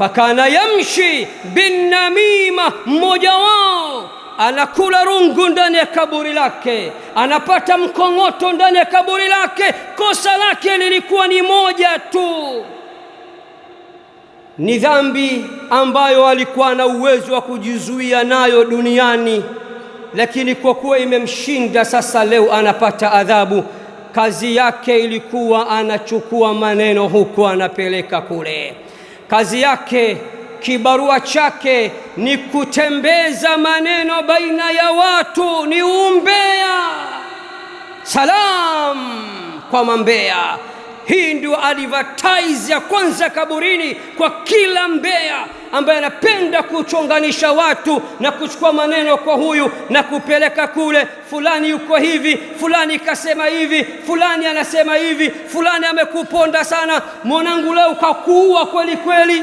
fakana yamshi binnamima, mmoja wao anakula rungu ndani ya kaburi lake, anapata mkong'oto ndani ya kaburi lake. Kosa lake lilikuwa ni moja tu, ni dhambi ambayo alikuwa na uwezo wa kujizuia nayo duniani, lakini kwa kuwa imemshinda sasa, leo anapata adhabu. Kazi yake ilikuwa anachukua maneno huku anapeleka kule kazi yake kibarua chake ni kutembeza maneno baina ya watu, ni umbea, salam kwa mambea. Hii ndio advertise ya kwanza kaburini kwa kila mbea ambaye anapenda kuchonganisha watu na kuchukua maneno kwa huyu na kupeleka kule, fulani yuko hivi, fulani kasema hivi, fulani anasema hivi, fulani amekuponda sana mwanangu, leo kakuua kweli kweli.